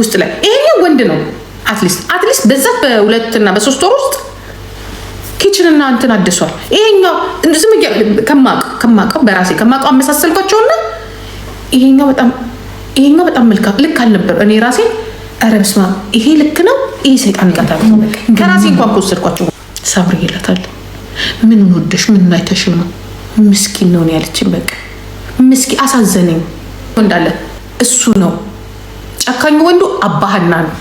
ውስጥ ላይ ይሄኛው ወንድ ነው። አትሊስት አትሊስት በዛ በሁለትና በሶስት ወር ውስጥ ኪችን እና እንትን አድሷል። ይሄኛው ዝም ከማውቀው በራሴ ከማውቀው አመሳሰልኳቸውና ይሄኛው በጣም ይሄኛው በጣም መልካም ልክ አልነበር። እኔ ራሴ ኧረ በስመ አብ ይሄ ልክ ነው፣ ይሄ ሰይጣን ጋታ ከራሴ እንኳን ከወሰድኳቸው ሳብሪ ይላታል። ምን ወደሽ ምን አይተሽ ነው? ምስኪን ነው ያለችን በቃ ምስኪን አሳዘነኝ እንዳለ እሱ ነው ጨካኙ ወንዱ አባህና ነው።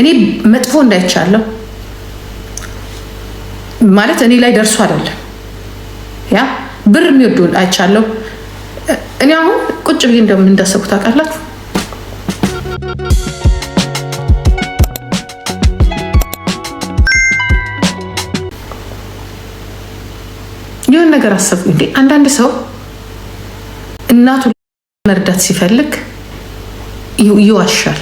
እኔ መጥፎ እንዳይቻለሁ ማለት እኔ ላይ ደርሶ አይደለም ያ ብር የሚወዱ አይቻለሁ። እኔ አሁን ቁጭ ብዬ እንደምንዳሰቡ ታውቃላችሁ። የሆነ ነገር አሰብኩ። እንዴ አንዳንድ ሰው እናቱ መርዳት ሲፈልግ ይዋሻል።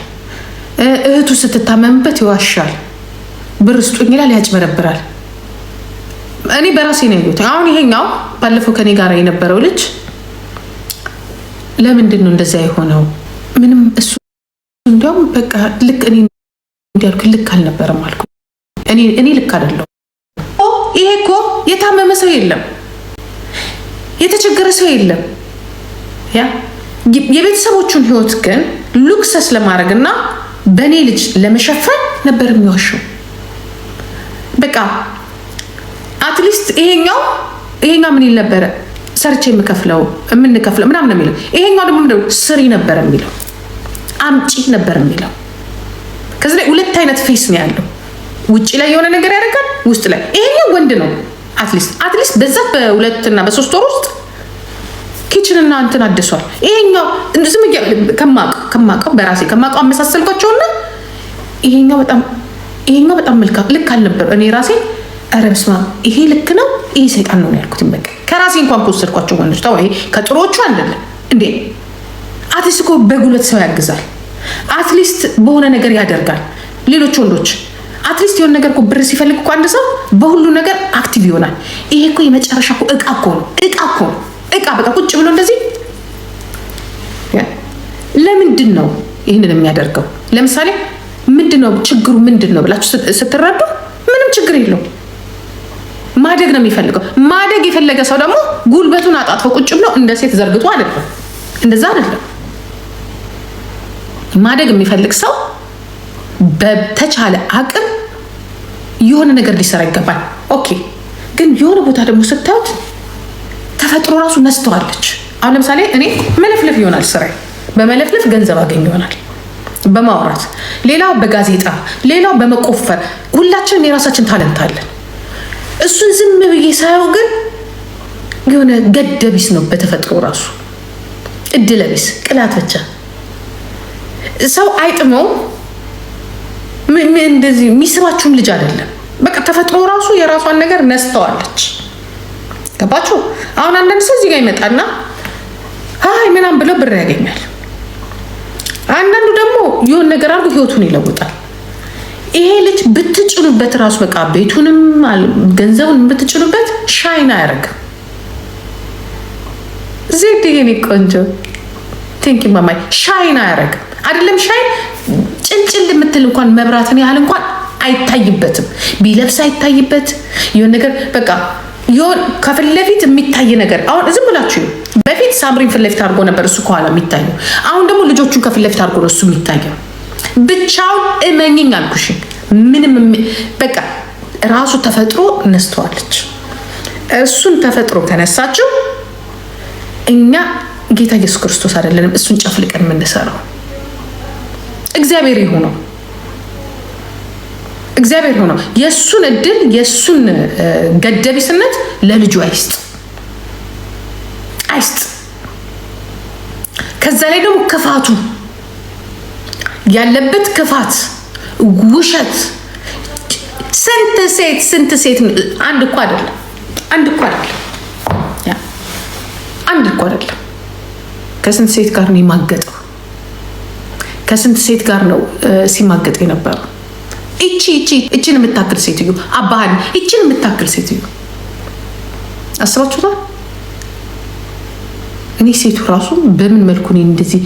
እህቱ ስትታመምበት ይዋሻል። ብር ስጡኝ ይላል፣ ያጭበረብራል። እኔ በራሴ ነው ያየሁት። አሁን ይሄኛው ባለፈው ከኔ ጋር የነበረው ልጅ ለምንድን ነው እንደዚያ የሆነው? ምንም እሱ እንዲያውም በቃ ልክ እኔ እንዲያልኩ ልክ አልነበረም አልኩ። እኔ ልክ አይደለሁም። ይሄ እኮ የታመመ ሰው የለም፣ የተቸገረ ሰው የለም። ያ የቤተሰቦቹን ህይወት ግን ሉክሰስ ለማድረግ እና በእኔ ልጅ ለመሸፈን ነበር የሚዋሸው። በቃ አትሊስት ይሄኛው ይሄኛው ምን ይል ነበረ? ሰርቼ የምከፍለው የምንከፍለው ምናምን ነው የሚለው። ይሄኛው ደግሞ ምንድነው? ስሪ ነበር የሚለው፣ አምጪ ነበር የሚለው። ከዚህ ላይ ሁለት አይነት ፌስ ነው ያለው። ውጭ ላይ የሆነ ነገር ያደርጋል፣ ውስጥ ላይ ይሄኛው ወንድ ነው። አትሊስት አትሊስት በዛ በሁለትና በሶስት ወር ውስጥ ኪችንና እንትን አድሷል። ይሄኛው ዝም ከማቀው በራሴ ከማቀ አመሳሰልኳቸውና ይሄኛው በጣም ይሄኛው በጣም ልክ አልነበር። እኔ ራሴ ኧረ በስመ አብ ይሄ ልክ ነው፣ ይሄ ሰይጣን ነው ያልኩት። በቃ ከራሴ እንኳን ከወሰድኳቸው ወንዶች ተው፣ ይሄ ከጥሮቹ አይደለም እንዴ። አትሊስት እኮ በጉልበት ሰው ያግዛል። አትሊስት በሆነ ነገር ያደርጋል። ሌሎች ወንዶች አትሊስት የሆነ ነገር ብር ሲፈልግ እኮ አንድ ሰው በሁሉ ነገር አክቲቭ ይሆናል። ይሄ እኮ የመጨረሻ እቃ እኮ ነው፣ እቃ እኮ ነው። እቃ በቃ ቁጭ ብሎ እንደዚህ። ለምንድን ነው ይህንን የሚያደርገው? ለምሳሌ ምንድን ነው ችግሩ ምንድን ነው ብላችሁ ስትረዱ ምንም ችግር የለው። ማደግ ነው የሚፈልገው። ማደግ የፈለገ ሰው ደግሞ ጉልበቱን አጣጥፎ ቁጭ ብሎ እንደ ሴት ዘርግቶ አይደለም፣ እንደዛ አይደለም። ማደግ የሚፈልግ ሰው በተቻለ አቅም የሆነ ነገር ሊሰራ ይገባል። ኦኬ። ግን የሆነ ቦታ ደግሞ ስታዩት ተፈጥሮ ራሱ ነስተዋለች። አሁን ለምሳሌ እኔ መለፍለፍ ይሆናል ስራ፣ በመለፍለፍ ገንዘብ አገኝ ይሆናል በማውራት ሌላ በጋዜጣ ሌላ በመቆፈር ሁላችንም የራሳችን ታለንት አለን። እሱን ዝም ብዬ ሳየው ግን የሆነ ገደቢስ ነው በተፈጥሮ ራሱ እድለቢስ ቅላት ብቻ ሰው አይጥመው እንደዚህ የሚስባችሁም ልጅ አይደለም። በቃ ተፈጥሮ ራሱ የራሷን ነገር ነስተዋለች። ገባችሁ? አሁን አንዳንድ ሰው እዚህ ጋር ይመጣና አይ ምናምን ብለው ብር ያገኛል። አንዳንዱ ደግሞ የሆን ነገር አድርጎ ህይወቱን ይለውጣል። ይሄ ልጅ ብትጭኑበት ራሱ በቃ ቤቱንም ገንዘቡን ብትጭኑበት ሻይን አያደርግም። ዜድ የኔ ቆንጆ ቴንኪ ማማይ ሻይን አያደርግም። አይደለም ሻይን ጭልጭል የምትል እንኳን መብራትን ያህል እንኳን አይታይበትም። ቢለብስ አይታይበት የሆን ነገር በቃ ከፊት ለፊት የሚታይ ነገር አሁን ዝም ብላችሁ በፊት ሳምሪን ፊት ለፊት አድርጎ ነበር እሱ ከኋላ የሚታየው። አሁን ደግሞ ልጆቹን ከፊት ለፊት አድርጎ ነው እሱ የሚታየው። ብቻውን እመኝኝ አልኩሽ። ምንም በቃ ራሱ ተፈጥሮ ነስተዋለች። እሱን ተፈጥሮ ከነሳችው እኛ ጌታ ኢየሱስ ክርስቶስ አይደለንም እሱን ጨፍልቀን የምንሰራው እግዚአብሔር ይሁነው። እግዚአብሔር ሆኖ የእሱን እድል የእሱን ገደቢስነት ለልጁ አይስጥ አይስጥ። ከዛ ላይ ደግሞ ክፋቱ ያለበት ክፋት፣ ውሸት፣ ስንት ሴት ስንት ሴት አንድ እኮ አይደለም አንድ እኮ አይደለም አንድ እኮ አይደለም። ከስንት ሴት ጋር ነው የማገጠው? ከስንት ሴት ጋር ነው ሲማገጥ የነበረው? እቺ እቺ እቺን የምታክል ሴትዮ አባህል እቺን የምታክል ሴትዮ አስባችሁታል? እኔ ሴቱ ራሱ በምን መልኩ እኔ እንደዚህ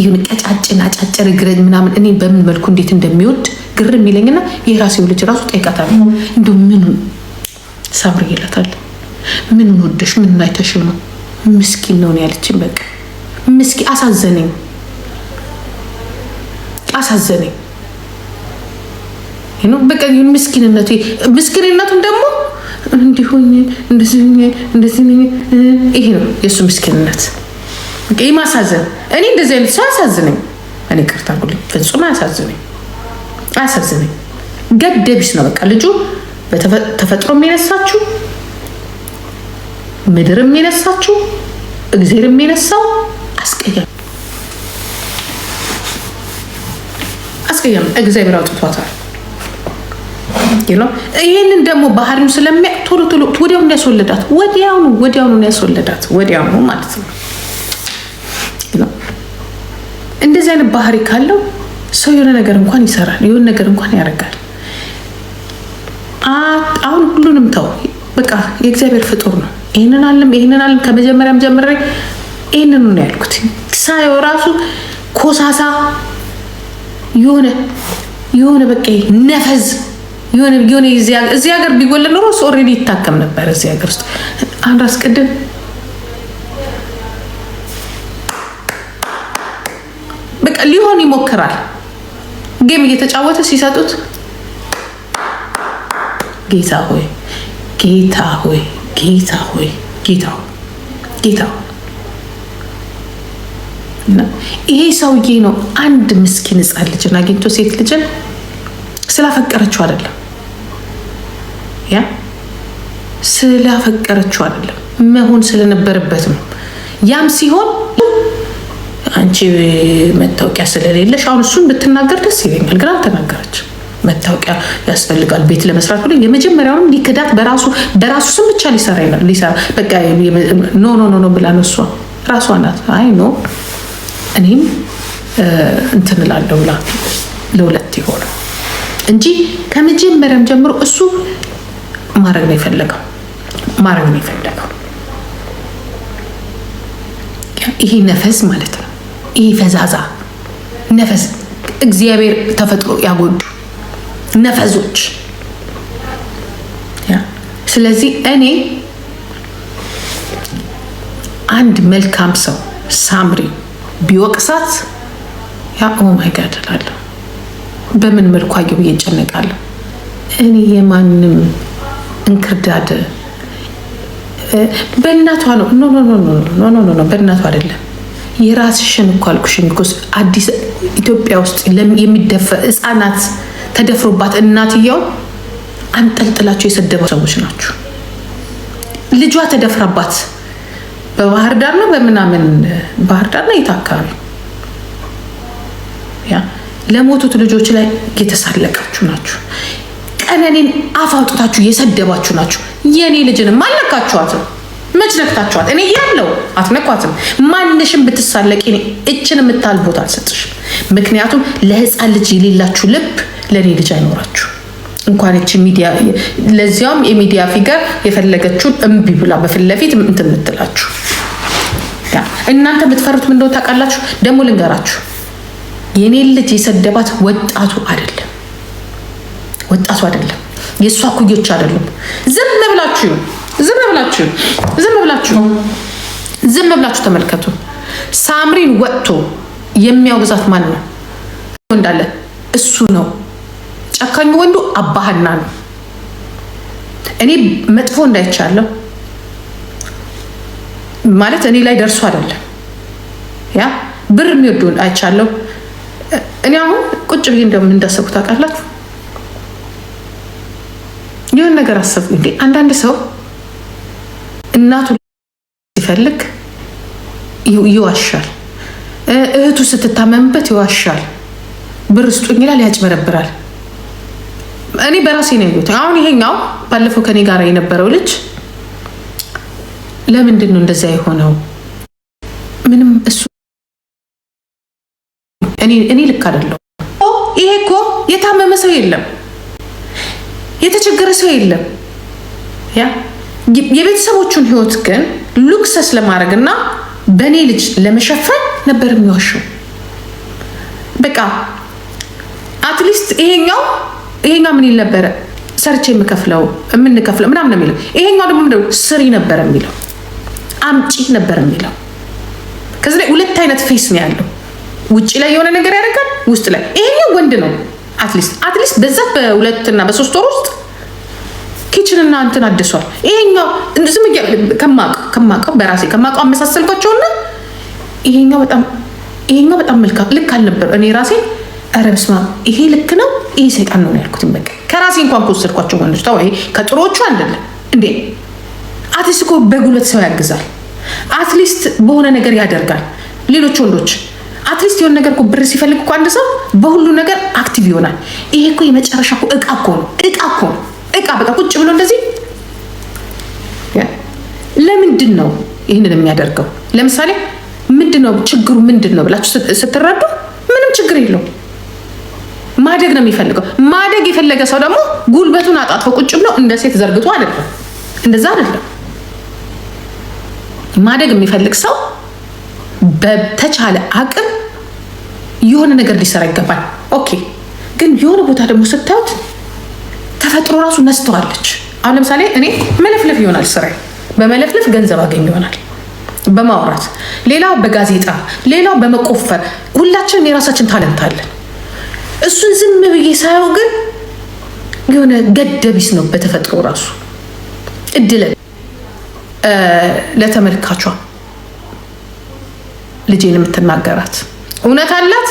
ይሁን ቀጫጭን አጫጭር እግረን ምናምን እኔ በምን መልኩ እንዴት እንደሚወድ ግር የሚለኝና የራሴው ልጅ ራሱ ጠይቃታል። እንዲ ምን ሳምሪ ይላታል። ምን ወደሽ ምን አይተሽ ነው? ምስኪን ነው ያለችን። በቃ ምስኪን አሳዘነኝ፣ አሳዘነኝ። በቃ ምስኪንነቱ ምስኪንነቱን ደግሞ እንዲሆኝ እንደዚህ እንደዚህ ይሄ ነው የእሱ ምስኪንነት። ማሳዘን እኔ እንደዚህ አይነት ሰው አሳዝነኝ። እኔ ቅርታ ጉ ፍጹም አያሳዝነኝ አያሳዝነኝ። ገደቢስ ነው በቃ ልጁ ተፈጥሮ የሚነሳችሁ ምድር የሚነሳችሁ እግዜር የሚነሳው አስቀያ አስቀያሚ እግዚአብሔር አውጥቷታል። ነው። ይህንን ደግሞ ባህሪው ስለሚያውቅ ቶሎ ቶሎ ወዲያውኑ ያስወለዳት ወዲያው ወዲያውኑ ያስወለዳት ነው ማለት ነው። እንደዚህ አይነት ባህሪ ካለው ሰው የሆነ ነገር እንኳን ይሰራል፣ የሆነ ነገር እንኳን ያደርጋል። አሁን ሁሉንም ተው፣ በቃ የእግዚአብሔር ፍጡር ነው። ይህንን አለም ይህንን አለም ከመጀመሪያም ጀምሬ ይህንኑ ነው ያልኩት። ሳየው ራሱ ኮሳሳ የሆነ የሆነ በቃ ነፈዝ የሆነ የሆነ እዚህ ሀገር ቢወለድ ኖሮ እሱ ኦልሬዲ ይታከም ነበር። እዚህ ሀገር ውስጥ አንድ አስቀድም በቃ ሊሆን ይሞክራል። ጌም እየተጫወተ ሲሰጡት ጌታ ሆይ ጌታ ሆይ ጌታ ሆይ ጌታ ጌታ ይሄ ሰውዬ ነው አንድ ምስኪን ህፃን ልጅን አግኝቶ ሴት ልጅን ስላፈቀረችው አይደለም ያ ስላፈቀረችው አይደለም መሆን ስለነበረበት ነው። ያም ሲሆን አንቺ መታወቂያ ስለሌለሽ አሁን እሱን ብትናገር ደስ ይለኛል፣ ግን አልተናገረች። መታወቂያ ያስፈልጋል ቤት ለመስራት ብሎ የመጀመሪያውንም ሊክዳት በራሱ በራሱ ስም ብቻ ሊሰራ ሊሰራ በቃ ኖ ኖ ኖ ብላ ነሷ ራሷ ናት። አይ ኖ እኔም እንትን እላለሁ ብላ ለሁለት የሆነ እንጂ ከመጀመሪያም ጀምሮ እሱ ማድረግ ነው የፈለገው ማድረግ ነው የፈለገው ይሄ ነፈስ ማለት ነው። ይሄ ፈዛዛ ነፈስ እግዚአብሔር ተፈጥሮ ያጎዱ ነፈዞች። ስለዚህ እኔ አንድ መልካም ሰው ሳምሪ ቢወቅሳት ያ በምን መልኩ አየሁ ብዬ እኔ የማንም እንክርዳድ በእናቷ ነው። ኖ ኖ ኖ ኖ በእናቷ አይደለም። የራስሽን እኮ አልኩሽኝ እኮ አዲስ ኢትዮጵያ ውስጥ የሚደፈር ህፃናት ተደፍሮባት እናትየው አንጠልጥላቸው የሰደቡ ሰዎች ናችሁ። ልጇ ተደፍራባት በባህር ዳር ነው በምናምን ባህር ዳር ነው የት አካባቢ ለሞቱት ልጆች ላይ የተሳለቃችሁ ናችሁ። ቀነኔን አፍ አውጥታችሁ የሰደባችሁ ናችሁ። የእኔ ልጅንም አልነካችኋትም። መች ነክታችኋት? እኔ ያለው አትነኳትም። ማንሽን ብትሳለቅ እኔ እችን የምታል ቦታ አልሰጥሽ። ምክንያቱም ለህፃን ልጅ የሌላችሁ ልብ ለእኔ ልጅ አይኖራችሁ። እንኳን ች ሚዲያ ለዚያውም የሚዲያ ፊገር የፈለገችውን እምቢ ብላ በፊት ለፊት እንትን የምትላችሁ እናንተ የምትፈሩት ምንደው ታውቃላችሁ። ደግሞ ልንገራችሁ፣ የኔ ልጅ የሰደባት ወጣቱ አይደለም ወጣቱ አይደለም፣ የእሷ ኩዮች አይደሉም። ዝም ብላችሁ ዝም ብላችሁ ዝም ብላችሁ ዝም ብላችሁ ተመልከቱ። ሳምሪን ወጥቶ የሚያወግዛት ማን ነው እንዳለ እሱ ነው። ጨካኙ ወንዱ አባህና ነው። እኔ መጥፎ እንዳይቻለሁ ማለት እኔ ላይ ደርሶ አይደለም ያ ብር የሚወዱ አይቻለሁ። እኔ አሁን ቁጭ ብዬ እንደምን እንዳሰብኩ ታውቃላችሁ። ነገር አሰብኩ። እንዴ አንዳንድ ሰው እናቱ ሲፈልግ ይዋሻል፣ እህቱ ስትታመምበት ይዋሻል፣ ብር ስጡኝ ይላል፣ ያጭበረብራል። እኔ በራሴ ነው ያየሁት። አሁን ይሄኛው ባለፈው ከኔ ጋር የነበረው ልጅ ለምንድን ነው እንደዚያ የሆነው? ምንም እሱ እኔ ልክ አይደለሁም። ይሄ እኮ የታመመ ሰው የለም የተቸገረ ሰው የለም። ያ የቤተሰቦቹን ህይወት ግን ሉክሰስ ለማድረግ እና በእኔ ልጅ ለመሸፈን ነበር የሚዋሸው። በቃ አትሊስት ይሄኛው ይሄኛው ምን ይል ነበረ? ሰርቼ የምከፍለው የምንከፍለው ምናምን የሚለው ይሄኛው ደግሞ ምንድን ነው ስሪ ነበር የሚለው አምጪ ነበር የሚለው። ከዚህ ላይ ሁለት አይነት ፌስ ነው ያለው። ውጭ ላይ የሆነ ነገር ያደርጋል፣ ውስጥ ላይ ይሄኛው ወንድ ነው አትሊስት አትሊስት በዛ በሁለትና በሶስት ወር ውስጥ ኪችንና እንትን አድሷል። ይሄኛው ዝም ከማውቀው በራሴ ከማውቀው አመሳሰልኳቸውና ይሄኛው በጣም ይሄኛው በጣም መልካም ልክ አልነበር። እኔ ራሴ ኧረ በስመ አብ ይሄ ልክ ነው፣ ይሄ ሰይጣን ነው ያልኩት። በቃ ከራሴ እንኳን ከወሰድኳቸው ወንዶች ተው፣ ይሄ ከጥሮቹ አይደለም እንዴ። አትሊስት እኮ በጉልበት ሰው ያግዛል። አትሊስት በሆነ ነገር ያደርጋል። ሌሎች ወንዶች አትሊስት የሆነ ነገር እኮ ብር ሲፈልግ እኮ አንድ ሰው በሁሉ ነገር አክቲቭ ይሆናል። ይሄ እኮ የመጨረሻ እኮ እቃ እኮ ነው። እቃ እኮ ነው። እቃ በቃ ቁጭ ብሎ እንደዚህ ለምንድን ነው ይህንን የሚያደርገው? ለምሳሌ ምንድን ነው ችግሩ ምንድን ነው ብላችሁ ስትረዱ ምንም ችግር የለው። ማደግ ነው የሚፈልገው። ማደግ የፈለገ ሰው ደግሞ ጉልበቱን አጣጥፎ ቁጭ ብሎ እንደ ሴት ዘርግቶ አይደለም፣ እንደዛ አይደለም። ማደግ የሚፈልግ ሰው በተቻለ አቅም የሆነ ነገር ሊሰራ ይገባል። ኦኬ። ግን የሆነ ቦታ ደግሞ ስታዩት ተፈጥሮ ራሱ ነስተዋለች። አሁን ለምሳሌ እኔ መለፍለፍ ይሆናል ስራ፣ በመለፍለፍ ገንዘብ አገኝ ይሆናል በማውራት ሌላው በጋዜጣ ሌላው በመቆፈር ሁላችንም የራሳችን ታለንት አለን። እሱን ዝም ብዬ ሳየው ግን የሆነ ገደቢስ ነው በተፈጥሮ ራሱ እድለ ለተመልካቿ ልጄን የምትናገራት እውነት አላት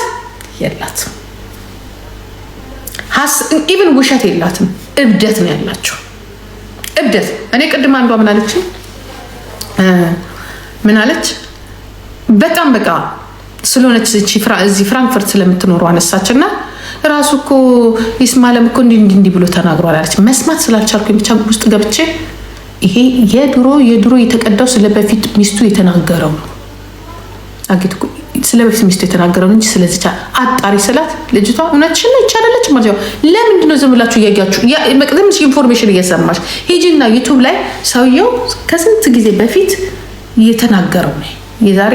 የላት ኢቭን ውሸት የላትም። እብደት ነው ያላቸው እብደት። እኔ ቅድም አንዷ ምን አለች ምን አለች በጣም በቃ ስለሆነች እዚህ ፍራንክፈርት ስለምትኖሩ አነሳች ራሱ እኮ ይስማለም እኮ እንዲህ እንዲህ ብሎ ተናግሯል አለች። መስማት ስላልቻልኩ ብቻ ውስጥ ገብቼ ይሄ የድሮ የድሮ የተቀዳው ስለበፊት ሚስቱ የተናገረው ነው አጌት ስለ በፊት ሚስቱ የተናገረውን እንጂ ስለዚቻ አጣሪ ስላት ልጅቷ እውነትሽን ነው ይቻላለች ማለት ነው። ለምንድነው ዝም ብላችሁ እያያችሁ መቅደምሽ ኢንፎርሜሽን እየሰማች ሂጂና ዩቱብ ላይ ሰውየው ከስንት ጊዜ በፊት እየተናገረው የተናገረው የዛሬ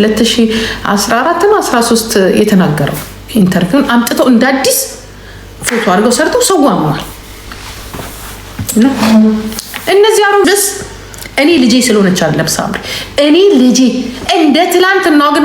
2014 ነው 13 የተናገረው ኢንተርቪውን አምጥተው እንደ አዲስ ፎቶ አድርገው ሰርተው ሰው አምኗል። እነዚህ አሮ እኔ ልጄ ስለሆነች አይደለም ሳምሪ እኔ ልጄ እንደ ትላንትናው ግን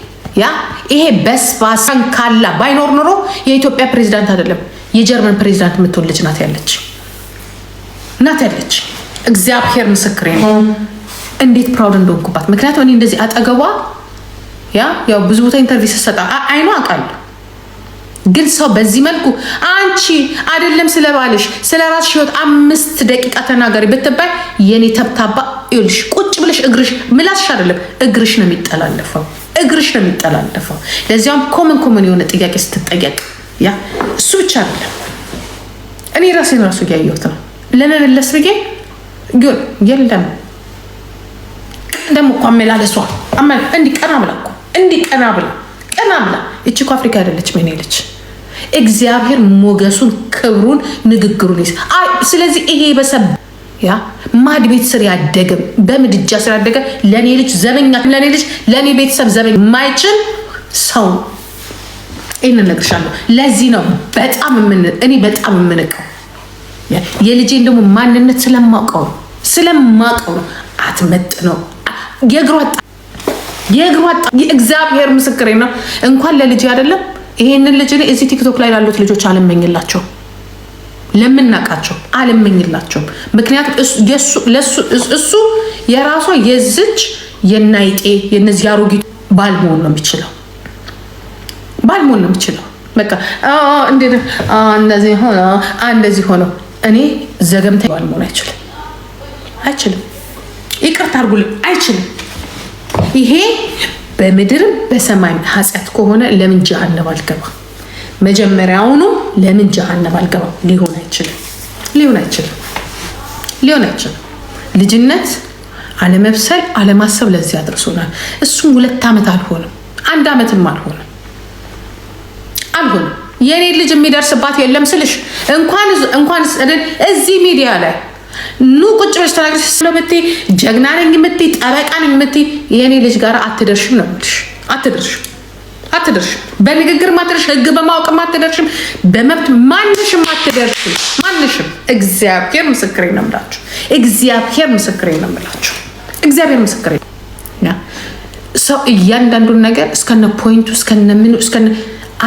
ያ ይሄ በስባሳ ካላ ባይኖር ኖሮ የኢትዮጵያ ፕሬዚዳንት አይደለም የጀርመን ፕሬዚዳንት የምትሆን ልጅ ናት ያለች ናት ያለች። እግዚአብሔር ምስክሬ ነው። እንዴት ፕራውድ እንደሆንኩባት። ምክንያቱም እኔ እንደዚህ አጠገቧ ያ ያው ብዙ ቦታ ኢንተርቪው ስሰጣ አይኗ አውቃለሁ። ግን ሰው በዚህ መልኩ አንቺ አይደለም ስለ ባልሽ ስለ ራስሽ ህይወት አምስት ደቂቃ ተናገሪ ብትባይ የኔ ተብታባ ይልሽ ቁጭ ብለሽ እግርሽ ምላስሽ አይደለም እግርሽ ነው የሚጠላለፈው። እግርሽ ነው የሚጠላለፈው። ለዚያም ኮመን ኮመን የሆነ ጥያቄ ስትጠየቅ ያ እሱ ብቻ አይደለም። እኔ ራሴን ራሱ እያየሁት ነው። ለመመለስ ብዬ ግን የለም ደግሞ እኮ አመላለሷ እንዲህ ቀና ብላ እኮ እንዲህ ቀና ብላ ቀና ብላ እቺ እኮ አፍሪካ አይደለችም የኔ ልጅ። እግዚአብሔር ሞገሱን፣ ክብሩን፣ ንግግሩን ይስ ስለዚህ ይሄ በሰብ ያ ማድ ቤት ስር ያደገ በምድጃ ስር ያደገ ለእኔ ልጅ ዘበኛ ለእኔ ልጅ ለእኔ ቤተሰብ ዘበኛ የማይችል ሰው ይህንን እነግርሻለሁ። ለዚህ ነው በጣም እኔ በጣም የምንቀው የልጄን ደግሞ ማንነት ስለማውቀው ስለማውቀው ነው። አትመጥ ነው የእግሯጣ የእግሯ እግዚአብሔር ምስክሬ ነው። እንኳን ለልጄ አይደለም ይሄንን ልጅ እዚህ ቲክቶክ ላይ ላሉት ልጆች አልመኝላቸው ለምናቃቸው አልመኝላቸውም። ምክንያቱም እሱ የራሷ የዝች የናይጤ የነዚህ አሮጊት ባል ነው የሚችለው፣ ባል ነው የሚችለው። በቃ እንደዚህ ሆነ እንደዚህ ሆነው እኔ ዘገምተ ባል መሆን አይችልም፣ አይችልም። ይቅርታ አድርጉልኝ፣ አይችልም። ይሄ በምድርም በሰማይም ኃጢአት ከሆነ ለምን ጀሃነም አልገባ መጀመሪያውኑ ለምን ጀሃነም አልገባም? ሊሆን አይችልም፣ ሊሆን አይችልም፣ ሊሆን አይችልም። ልጅነት፣ አለመብሰል፣ አለማሰብ ለዚህ አድርሶናል። እሱም ሁለት ዓመት አልሆንም፣ አንድ ዓመትም አልሆንም አልሆንም። የእኔ ልጅ የሚደርስባት የለም ስልሽ እንኳን እዚህ ሚዲያ ላይ ኑ ቁጭ ብለሽ ተናግረሽ ስለምትይ ጀግና ነኝ የምትይ ጠበቃ ነኝ የምትይ የእኔ ልጅ ጋር አትደርሽም ነው የምልሽ፣ አትደርሽም አትደርሽም። በንግግር ማትደርሽ፣ ህግ በማወቅ ማትደርሽም፣ በመብት ማንሽም አትደርሽም። ማንሽም እግዚአብሔር ምስክሬ ነው የምላችሁ። እግዚአብሔር ምስክሬ ነው የምላችሁ። እግዚአብሔር ምስክሬ ነው። ሰው እያንዳንዱን ነገር እስከነ ፖይንቱ እስከነ ምኑ እስከነ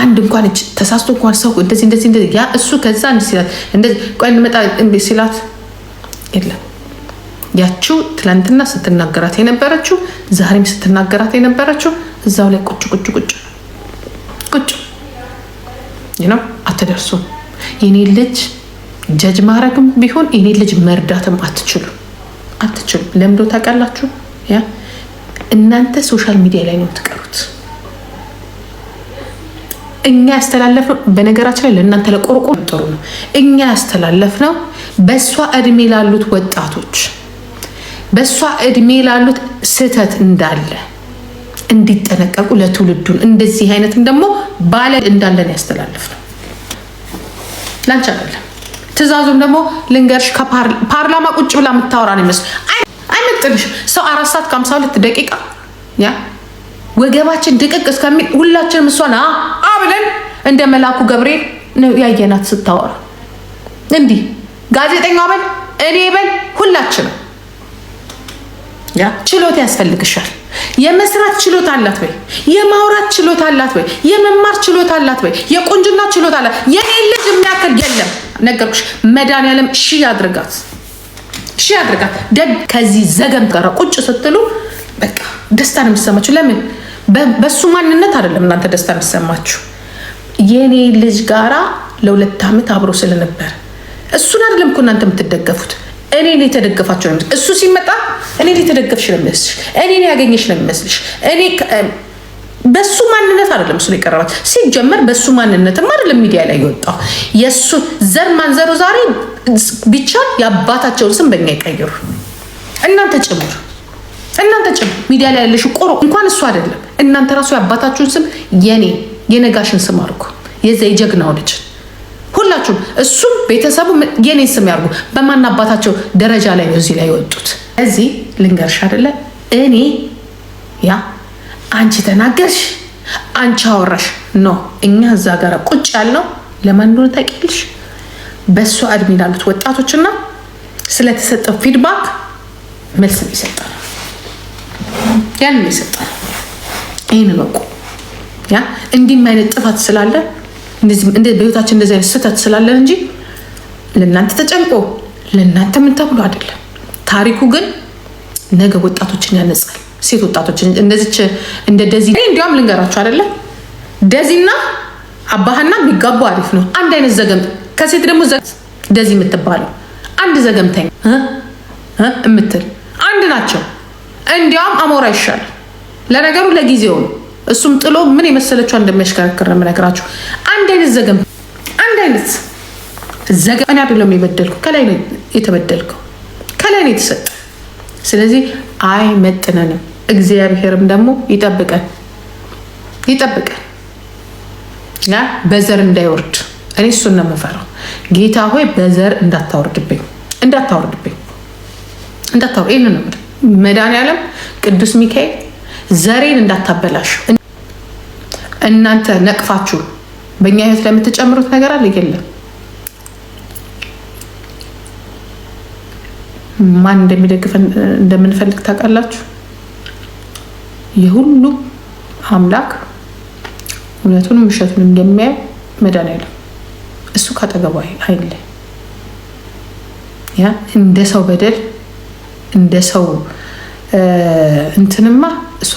አንድ እንኳን ተሳስቶ እንኳን ሰው እንደዚህ እንደዚህ እንደዚህ ያ እሱ ከዛ ሲላት እንደዚህ ቆይ ልመጣ ሲላት የለም ያችው ትላንትና ስትናገራት የነበረችው ዛሬም ስትናገራት የነበረችው እዛው ላይ ቁጭ ቁጭ ቁጭ ቁጭ ነው አትደርሱም። የኔ ልጅ ጀጅ ማድረግም ቢሆን የኔ ልጅ መርዳትም አትችሉ አትችሉ። ለምዶ ታውቃላችሁ። ያ እናንተ ሶሻል ሚዲያ ላይ ነው የምትቀሩት። እኛ ያስተላለፍነው በነገራችን ላይ ለእናንተ ለቆርቆ ጥሩ ነው። እኛ ያስተላለፍነው በእሷ እድሜ ላሉት ወጣቶች በእሷ እድሜ ላሉት ስህተት እንዳለ እንዲጠነቀቁ ለትውልዱን እንደዚህ አይነትም ደግሞ ባለ እንዳለን ያስተላልፍ ነው። ላንቺ አይደለም። ደግሞ ልንገርሽ ከፓርላማ ቁጭ ብላ የምታወራ ነው ይመስል አይመጥንሽ። ሰው አራት ሰዓት ከሀምሳ ሁለት ደቂቃ ያ ወገባችን ድቅቅ እስከሚል ሁላችንም እሷን አብለን እንደ መልአኩ ገብርኤል ያየናት ስታወራ እንዲህ ጋዜጠኛ በል እኔ በል ሁላችንም ችሎት ያስፈልግሻል። የመስራት ችሎታ አላት ወይ? የማውራት ችሎታ አላት ወይ? የመማር ችሎታ አላት ወይ? የቁንጅና ችሎታ አላት? የኔ ልጅ የሚያክል የለም። ነገርኩሽ። መድኃኒዓለም እሺ ያድርጋት፣ እሺ ያድርጋት። ደግ ከዚህ ዘገም ጋር ቁጭ ስትሉ በቃ ደስታ ነው የሚሰማችሁ። ለምን በሱ ማንነት አይደለም እናንተ ደስታ የሚሰማችሁ። የኔ ልጅ ጋራ ለሁለት ዓመት አብሮ ስለነበር እሱን አይደለም እኮ እናንተ የምትደገፉት እኔ ላይ ተደገፋቸው ነው። እሱ ሲመጣ እኔ ላይ ተደገፍሽ ነው የሚመስልሽ፣ እኔ ላይ ያገኘሽ ነው የሚመስልሽ። እኔ በሱ ማንነት አይደለም እሱ ላይ ሲጀመር በሱ ማንነትም አይደለም ሚዲያ ላይ የወጣው። የእሱ ዘር ማንዘሩ ዛሬ ቢቻል የአባታቸውን ስም በእኛ ይቀይሩ። እናንተ ጭምር እናንተ ጭምር ሚዲያ ላይ ያለሽ ቆሮ እንኳን እሱ አይደለም እናንተ ራሱ የአባታችሁን ስም የኔ የነጋሽን ስም አድርጉ የዛ የጀግናው ልጅ ሁላችሁም እሱም ቤተሰቡ የኔ ስም ያርጉ። አባታቸው ደረጃ ላይ ነው እዚህ ላይ የወጡት። እዚህ ልንገርሽ አይደለ እኔ ያ አንቺ ተናገርሽ፣ አንቺ አወራሽ ኖ እኛ እዛ ጋር ቁጭ ያለው ለማን እንደሆነ ታውቂያለሽ? በእሱ እድሜ ላሉት ወጣቶችና ስለተሰጠው ፊድባክ መልስ ነው የሰጠነው። ያን ነው የሰጠነው። ይህን በቁ ያ እንዲህ አይነት ጥፋት ስላለ በህይወታችን እንደዚህ አይነት ስህተት ስላለን እንጂ ለእናንተ ተጨንቆ ለእናንተ ምን ተብሎ አይደለም። ታሪኩ ግን ነገ ወጣቶችን ያነጻል። ሴት ወጣቶችን እንደዚች እንደ ደዚ እንዲያውም ልንገራችሁ አይደለ ደዚና አባህና የሚጋቡ አሪፍ ነው። አንድ አይነት ዘገምት ከሴት ደግሞ ደዚ የምትባለው አንድ ዘገምተኝ የምትል አንድ ናቸው። እንዲያውም አሞራ ይሻል ለነገሩ ለጊዜው ነው። እሱም ጥሎ ምን የመሰለችው እንደሚያሽከረክር ነው የምነግራችሁ። አንድ አይነት ዘገም አንድ አይነት ዘገም። እኔ አይደለም የበደልኩ ከላይ ነው የተበደልከው፣ ከላይ ነው የተሰጠ። ስለዚህ አይ መጥነንም እግዚአብሔርም ደግሞ ይጠብቀን ይጠብቀን ያ በዘር እንዳይወርድ። እኔ እሱን ነው የምፈራው። ጌታ ሆይ በዘር እንዳታወርድብኝ እንዳታወርድብኝ እንዳታወር ይህን ነው መድኃኔዓለም ቅዱስ ሚካኤል ዘሬን እንዳታበላሽ እናንተ ነቅፋችሁ በእኛ ህይወት ላይ የምትጨምሩት ነገር አለ የለም። ማን እንደሚደግፍ እንደምንፈልግ ታውቃላችሁ። የሁሉም አምላክ እውነቱንም ውሸቱን እንደሚያየው መድኃኒዓለም እሱ ካጠገቡ አይለ ያ እንደ ሰው በደል እንደ ሰው እንትንማ እሷ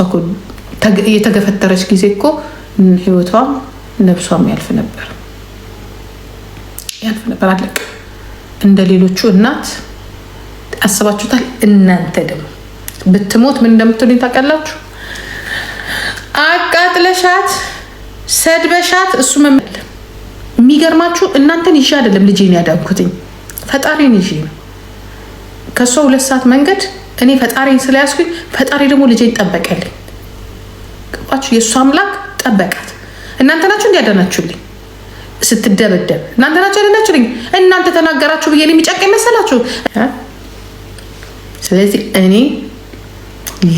የተገፈተረች ጊዜ እኮ ህይወቷም ነብሷም ያልፍ ነበር ያልፍ ነበር። አለቅ እንደ ሌሎቹ እናት አስባችሁታል? እናንተ ደግሞ ብትሞት ምን እንደምትሉኝ ታውቃላችሁ? አቃጥለሻት፣ ሰድበሻት እሱ መመለ የሚገርማችሁ እናንተን ይዤ አይደለም ልጄን ያዳንኩትኝ ፈጣሪን ይዤ ነው። ከእሷ ሁለት ሰዓት መንገድ እኔ ፈጣሪን ስለያዝኩኝ ፈጣሪ ደግሞ ልጄን ጠበቀልኝ። ገባችሁ? የእሱ አምላክ ጠበቃት። እናንተ ናችሁ እንዲያዳናችሁልኝ ስትደበደብ እናንተ ናችሁ ያደናችሁልኝ። እናንተ ተናገራችሁ ብዬ የሚጨቅ ይመሰላችሁ። ስለዚህ እኔ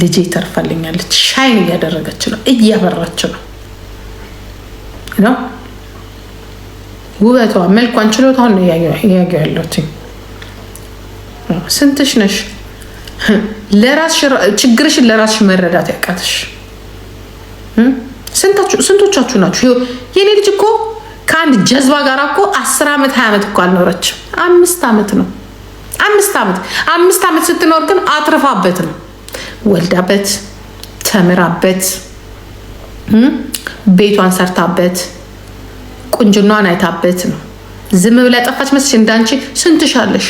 ልጄ ተርፋልኛለች። ሻይን እያደረገች ነው፣ እያበራች ነው ነው ውበቷ፣ መልኳን፣ ችሎታውን ነው እያየሁ ያለሁት። ስንትሽ ነሽ? ችግርሽን ለራስሽ መረዳት ያቃትሽ ስንቶቻችሁ ናችሁ? የኔ ልጅ እኮ ከአንድ ጀዝባ ጋር እኮ አስር ዓመት ሀያ ዓመት እኮ አልኖረችም። አምስት ዓመት ነው አምስት ዓመት አምስት ዓመት ስትኖር ግን አትርፋበት ነው ወልዳበት፣ ተምራበት፣ ቤቷን ሰርታበት፣ ቁንጅኗን አይታበት ነው። ዝም ብላ ጠፋች መስሽ እንዳንቺ ስንትሻለሽ